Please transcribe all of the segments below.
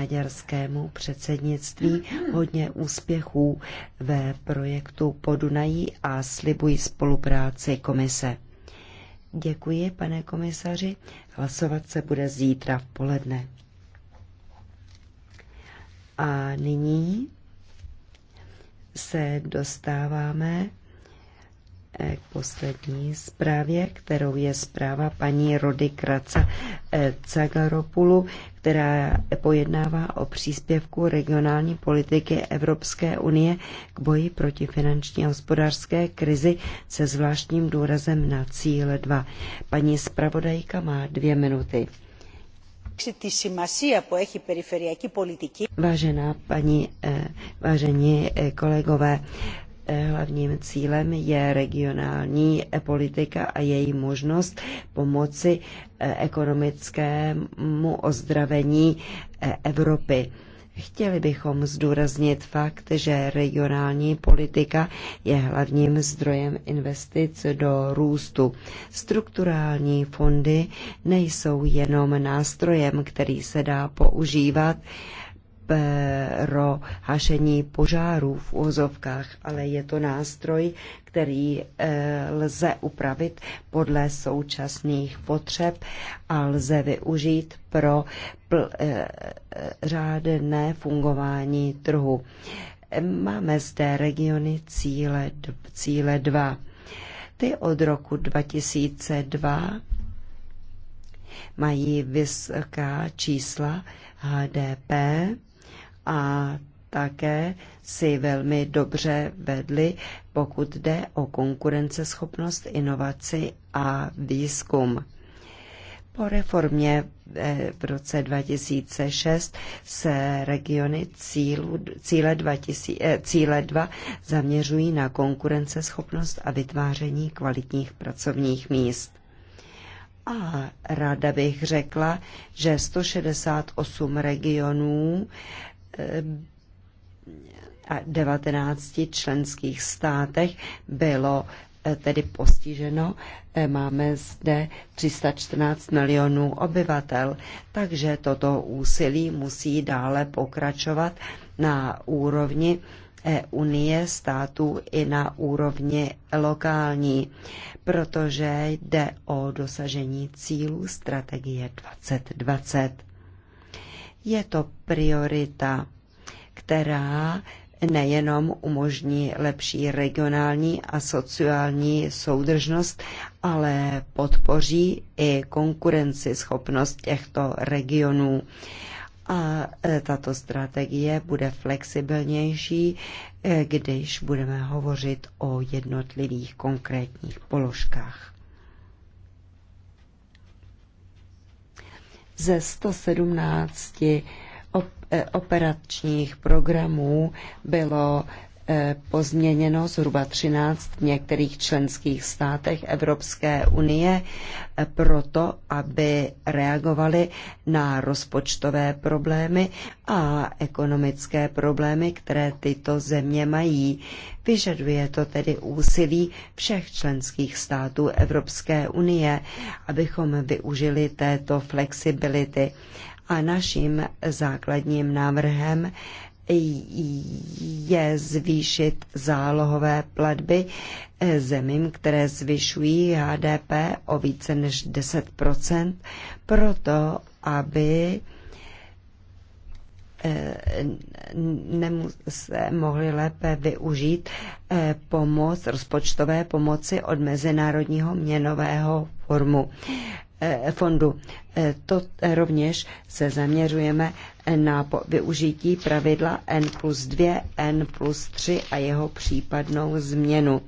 maďarskému předsednictví hodně úspěchů ve projektu Podunají a slibuji spolupráci komise. Děkuji, pane komisaři. Hlasovat se bude zítra v poledne. A nyní se dostáváme eh, k poslední zprávě, kterou je zpráva paní Rody Kraca eh, Cagaropulu, která pojednává o příspěvku regionální politiky Evropské unie k boji proti finanční a hospodářské krizi se zvláštním důrazem na cíle 2. Paní zpravodajka má dvě minuty. Vážená paní, eh, vážení eh, kolegové, Hlavním cílem je regionální politika a její možnost pomoci eh, ekonomickému ozdravení eh, Evropy. Chtěli bychom zdůraznit fakt, že regionální politika je hlavním zdrojem investic do růstu. Strukturální fondy nejsou jenom nástrojem, který se dá používat pro hašení požárů v úzovkách, ale je to nástroj, který eh, lze upravit podle současných potřeb a lze využít pro eh, řádné fungování trhu. Máme zde regiony cíle, cíle 2. Ty od roku 2002 mají vysoká čísla HDP a také si velmi dobře vedli, pokud jde o konkurenceschopnost, inovaci a výzkum. Po reformě eh, v roce 2006 se regiony cílu, cíle, 2000, eh, cíle 2 zaměřují na konkurenceschopnost a vytváření kvalitních pracovních míst. A ráda bych řekla, že 168 regionů a 19 členských státech bylo eh, tedy postiženo. Eh, máme zde 314 milionů obyvatel, takže toto úsilí musí dále pokračovat na úrovni eh, Unie států i na úrovni lokální, protože jde o dosažení cílů strategie 2020. Je to priorita, která nejenom umožní lepší regionální a sociální soudržnost, ale podpoří i konkurenceschopnost těchto regionů. A e, tato strategie bude flexibilnější, e, když budeme hovořit o jednotlivých konkrétních položkách. ze 117 eh, operačních programů bylo E, pozměněno zhruba 13 v některých členských státech Evropské unie e, proto, aby reagovali na rozpočtové problémy a ekonomické problémy, které tyto země mají. Vyžaduje to tedy úsilí všech členských států Evropské unie, abychom využili této flexibility. A naším základním návrhem je zvýšit zálohové platby eh, zemím, které zvyšují HDP o více než 10 proto aby eh, se mohli lépe využít eh, pomoc, rozpočtové pomoci od Mezinárodního měnového formu. Eh, fondu. Eh, to eh, rovněž se zaměřujeme na využití pravidla N plus 2, N plus 3 a jeho případnou změnu.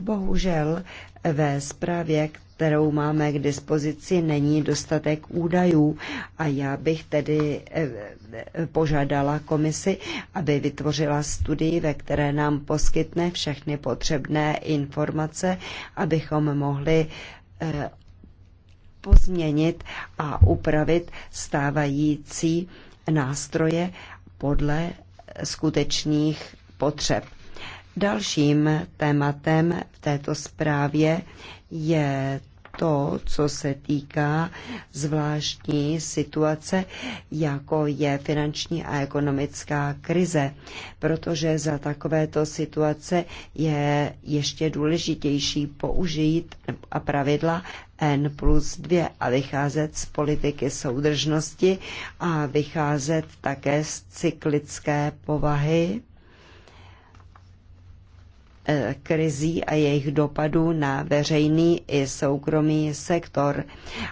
Bohužel ve zprávě, kterou máme k dispozici, není dostatek údajů a já bych tedy eh, eh, požádala komisi, aby vytvořila studii, ve které nám poskytne všechny potřebné informace, abychom mohli eh, pozměnit a upravit stávající nástroje podle skutečných potřeb. Dalším tématem v této zprávě je to, co se týká zvláštní situace, jako je finanční a ekonomická krize, protože za takovéto situace je ještě důležitější použít a pravidla N plus 2 a vycházet z politiky soudržnosti a vycházet také z cyklické povahy E, krizí a jejich dopadů na veřejný i soukromý sektor.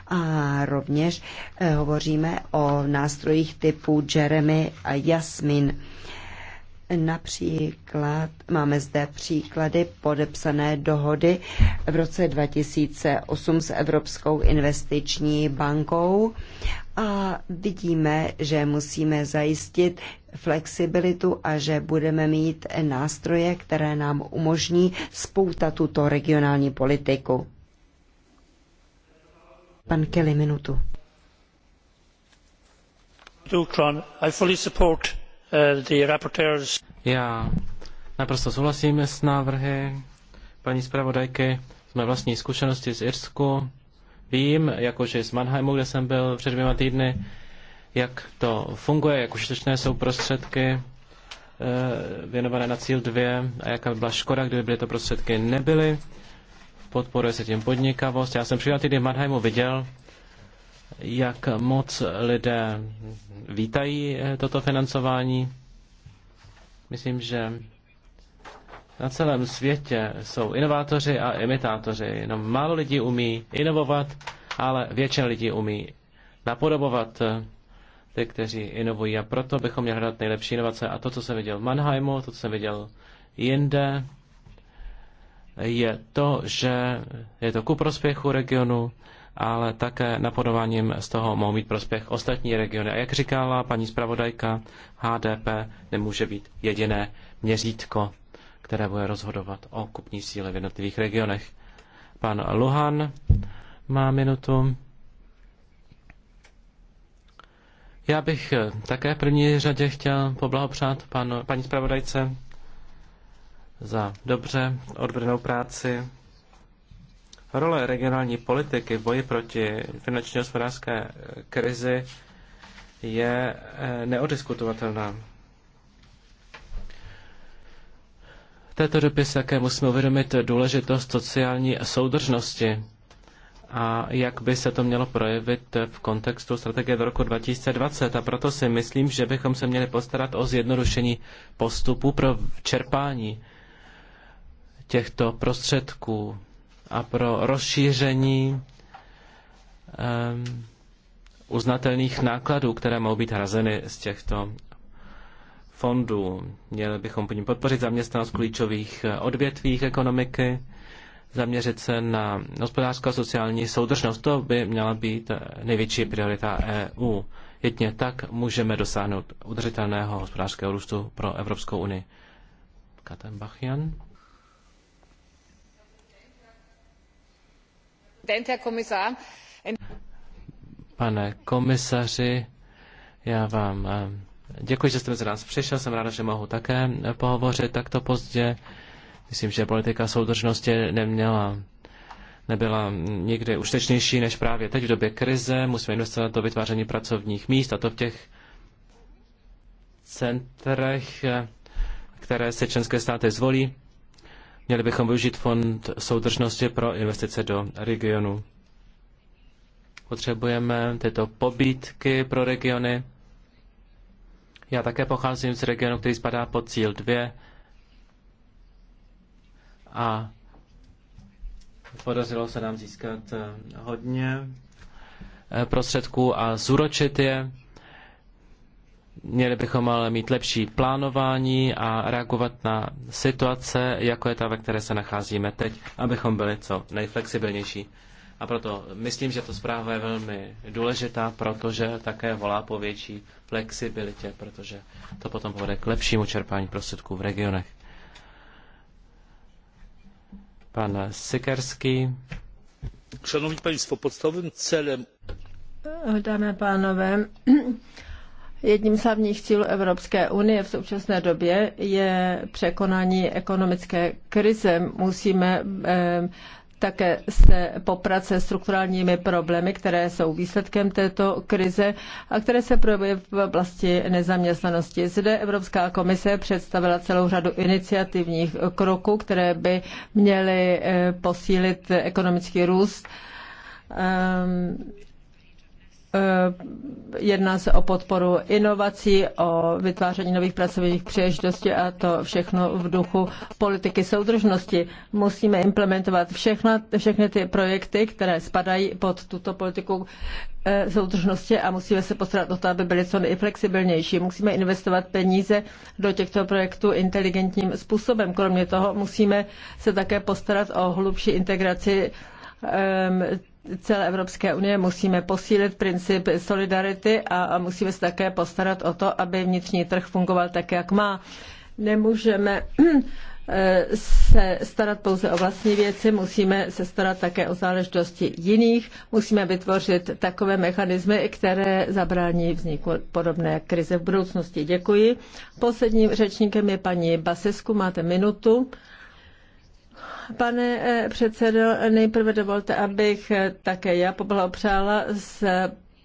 A rovněž e, hovoříme o nástrojích typu Jeremy a Jasmin. Například máme zde příklady podepsané dohody v roce 2008 s Evropskou investiční bankou a vidíme, že musíme zajistit flexibilitu a že budeme mít nástroje, které nám umožní spoutat tuto regionální politiku. Pan Kelly, minutu. I fully support Uh, Já naprosto souhlasím s návrhy paní zpravodajky. Z mé vlastní zkušenosti z Irsku vím, jakože z Mannheimu, kde jsem byl před dvěma týdny, jak to funguje, jak užitečné jsou prostředky eh, věnované na cíl 2 a jaká by byla škoda, kdyby ty prostředky nebyly. Podporuje se tím podnikavost. Já jsem před týdny v Mannheimu viděl, jak moc lidé vítají eh, toto financování. Myslím, že na celém světě jsou inovátoři a imitátoři. Jenom málo lidí umí inovovat, ale většina lidí umí napodobovat eh, ty, kteří inovují. A proto bychom měli hledat nejlepší inovace. A to, co jsem viděl v Mannheimu, to, co jsem viděl jinde, je to, že je to ku prospěchu regionu, ale také napodováním z toho mohou mít prospěch ostatní regiony. A jak říkala paní zpravodajka, HDP nemůže být jediné měřítko, které bude rozhodovat o kupní síle v jednotlivých regionech. Pan Luhan má minutu. Já bych také v první řadě chtěl poblahopřát panu, paní zpravodajce za dobře odbrnou práci Role regionální politiky v boji proti finanční hospodářské krizi je eh, neodiskutovatelná. V této době se také musíme uvědomit důležitost sociální soudržnosti a jak by se to mělo projevit v kontextu strategie do roku 2020. A proto si myslím, že bychom se měli postarat o zjednodušení postupu pro čerpání těchto prostředků a pro rozšíření um, uznatelných nákladů, které mohou být hrazeny z těchto fondů. Měli bychom po ním podpořit zaměstnanost klíčových eh, odvětvích ekonomiky, zaměřit se na hospodářskou a sociální soudržnost. To by měla být eh, největší priorita EU. Jedně tak můžeme dosáhnout udržitelného hospodářského růstu pro Evropskou unii. Bachian. Pane komisaři, já vám eh, děkuji, že jste mezi nás přišel. Jsem ráda, že mohu také pohovořit takto pozdě. Myslím, že politika soudržnosti neměla nebyla nikdy užitečnější než právě teď v době krize. Musíme investovat do vytváření pracovních míst a to v těch centrech, eh, které se členské státy zvolí. Měli bychom využít fond soudržnosti pro investice do regionu. Potřebujeme tyto pobídky pro regiony. Já také pocházím z regionu, který spadá pod cíl 2 a podařilo se nám získat eh, hodně eh, prostředků a zúročit je. Měli bychom ale mít lepší plánování a reagovat na situace, jako je ta, ve které se nacházíme teď, abychom byli co nejflexibilnější. A proto myslím, že to zpráva je velmi důležitá, protože také volá po větší flexibilitě, protože to potom povede k lepšímu čerpání prostředků v regionech. Pan Sikerský. Szanowni Państwo, podstawowym celem... Dámy a pánové, Jedním z hlavních cílů Evropské unie v současné době je překonání ekonomické krize. Musíme také se poprat se strukturálními problémy, které jsou výsledkem této krize a které se projevují v oblasti nezaměstnanosti. Zde Evropská komise představila celou řadu iniciativních kroků, které by měly posílit ekonomický růst Eh, jedná se o podporu inovací, o vytváření nových pracovních příležitostí a to všechno v duchu politiky soudržnosti. Musíme implementovat všechna, všechny ty projekty, které spadají pod tuto politiku eh, soudržnosti a musíme se postarat o to, aby byly co nejflexibilnější. Musíme investovat peníze do těchto projektů inteligentním způsobem. Kromě toho musíme se také postarat o hlubší integraci ehm, celé Evropské unie musíme posílit princip solidarity a musíme se také postarat o to, aby vnitřní trh fungoval tak, jak má. Nemůžeme eh, se starat pouze o vlastní věci, musíme se starat také o záležitosti jiných, musíme vytvořit takové mechanismy, které zabrání vzniku podobné krize v budoucnosti. Děkuji. Posledním řečníkem je paní Basesku, máte minutu. Pane eh, předsedo, nejprve dovolte, abych eh, také já poblahopřála s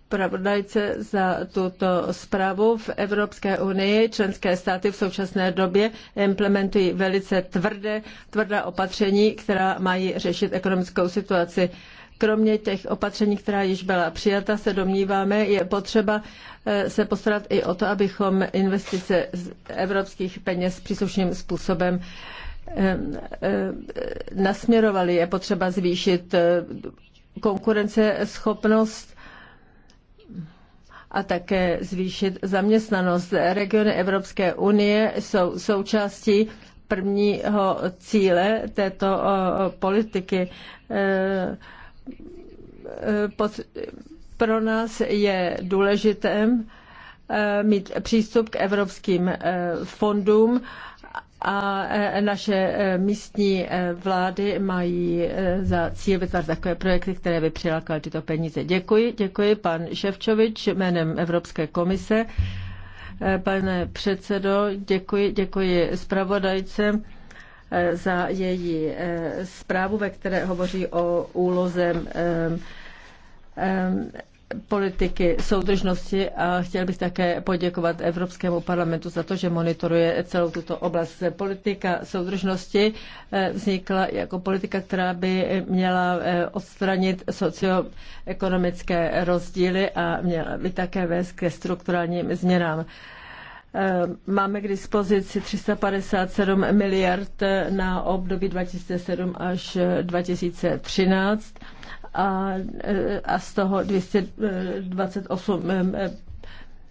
pravodajce za tuto zprávu. V Evropské unii členské státy v současné době implementují velice tvrdé, tvrdá opatření, která mají řešit ekonomickou situaci. Kromě těch opatření, která již byla přijata, se domníváme, je potřeba eh, se postarat i o to, abychom investice z evropských peněz příslušným způsobem Eh, eh, nasměrovali. Je potřeba zvýšit eh, konkurenceschopnost a také zvýšit zaměstnanost. Regiony Evropské unie jsou součástí prvního cíle této politiky. Pro nás je důležité mít přístup k evropským fondům a e, naše e, místní e, vlády mají za cíl vytvářet takové projekty, které by přilákaly tyto peníze. Děkuji, děkuji pan Ševčovič jménem Evropské komise. Pane předsedo, děkuji, děkuji zpravodajce za její zprávu, ve které hovoří o úloze politiky soudržnosti a chtěl bych také poděkovat Evropskému parlamentu za to, že monitoruje celou tuto oblast. Politika soudržnosti eh, vznikla jako politika, která by měla eh, odstranit socioekonomické rozdíly a měla by také vést ke strukturálním změnám. Eh, máme k dispozici 357 miliard na období 2007 až 2013 a, a z toho 228 eh,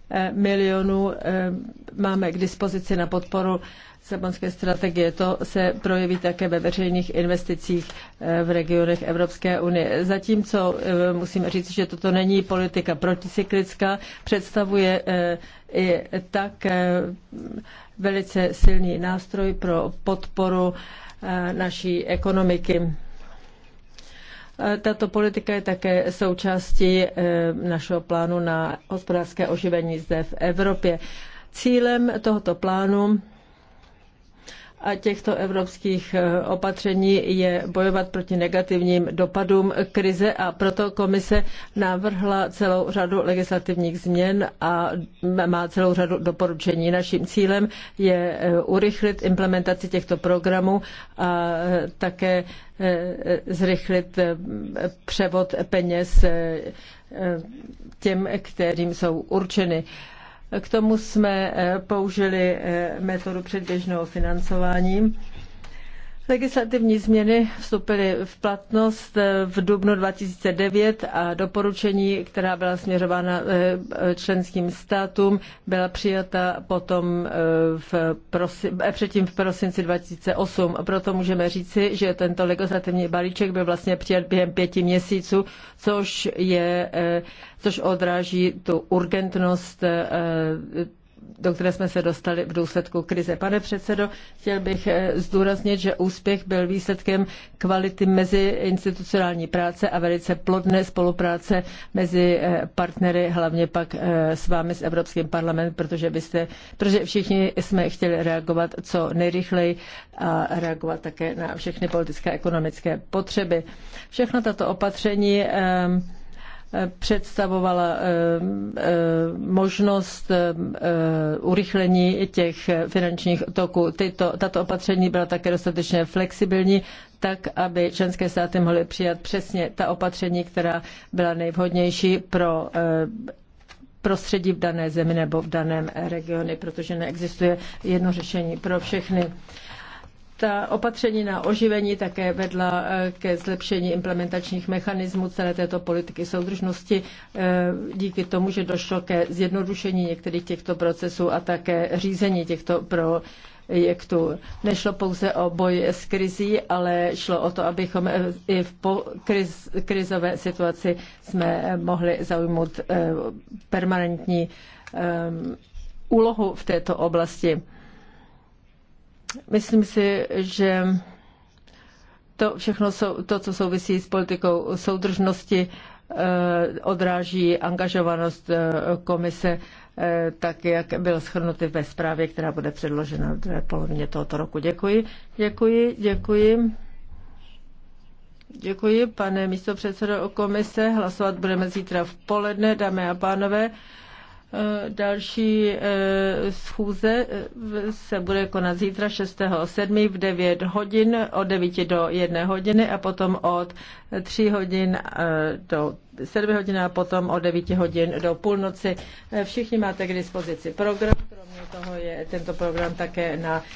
eh, milionů eh, máme k dispozici na podporu Sabonské strategie. To se projeví také ve veřejných investicích v regionech Evropské unie. Zatímco musím říct, že toto není politika proticyklická, představuje i tak velice silný nástroj pro podporu naší ekonomiky. E, tato politika je také součástí e, našeho plánu na hospodářské oživení zde v Evropě. Cílem tohoto plánu a těchto evropských eh, opatření je bojovat proti negativním dopadům krize a proto komise navrhla celou řadu legislativních změn a má celou řadu doporučení. Naším cílem je eh, urychlit implementaci těchto programů a eh, také zrychlit převod peněz těm, kterým jsou určeny. K tomu jsme eh, použili eh, metodu předběžného financování Legislativní změny vstoupily v platnost eh, v dubnu 2009 a doporučení, která byla směřována eh, členským státům, byla přijata potom eh, v prosi, předtím v prosinci 2008. Proto můžeme říci, že tento legislativní balíček byl vlastně přijat během pěti měsíců, což, je, což odráží tu urgentnost do které jsme se dostali v důsledku krize. Pane předsedo, chtěl bych eh, zdůraznit, že úspěch byl výsledkem kvality meziinstitucionální práce a velice plodné spolupráce mezi eh, partnery, hlavně pak eh, s vámi, s Evropským parlamentem, protože, byste, protože všichni jsme chtěli reagovat co nejrychleji a reagovat také na všechny politické a ekonomické potřeby. Všechno tato opatření představovala eh, eh, možnost eh, urychlení těch finančních toků. Tyto, tato opatření byla také dostatečně flexibilní, tak aby členské státy mohly přijat přesně ta opatření, která byla nejvhodnější pro prostředí v dané zemi nebo v daném regionu, protože neexistuje jedno řešení pro všechny ta opatření na oživení také vedla eh, ke zlepšení implementačních mechanismů celé této politiky soudržnosti eh, díky tomu, že došlo ke zjednodušení některých těchto procesů a také řízení těchto pro projektů. Nešlo pouze o boj s krizí, ale šlo o to, abychom eh, i v kriz, krizové situaci jsme mohli zaujmout permanentní úlohu v této oblasti. Myslím si, že to všechno, to, co souvisí s politikou soudržnosti, eh, odráží angažovanost eh, komise eh, tak, jak byl schrnuty ve zprávě, která bude předložena v druhé polovině tohoto roku. Děkuji, děkuji, děkuji. Děkuji, pane místo předsedo komise. Hlasovat budeme zítra v poledne, dámy a pánové. Eh, další eh, schůze eh, se bude konat zítra 6.7. v 9 hodin, od 9 do 1 hodiny a potom od 3 hodin do 7 hodin a potom od 9 hodin do půlnoci. Všichni máte k dispozici program, kromě toho je tento program také na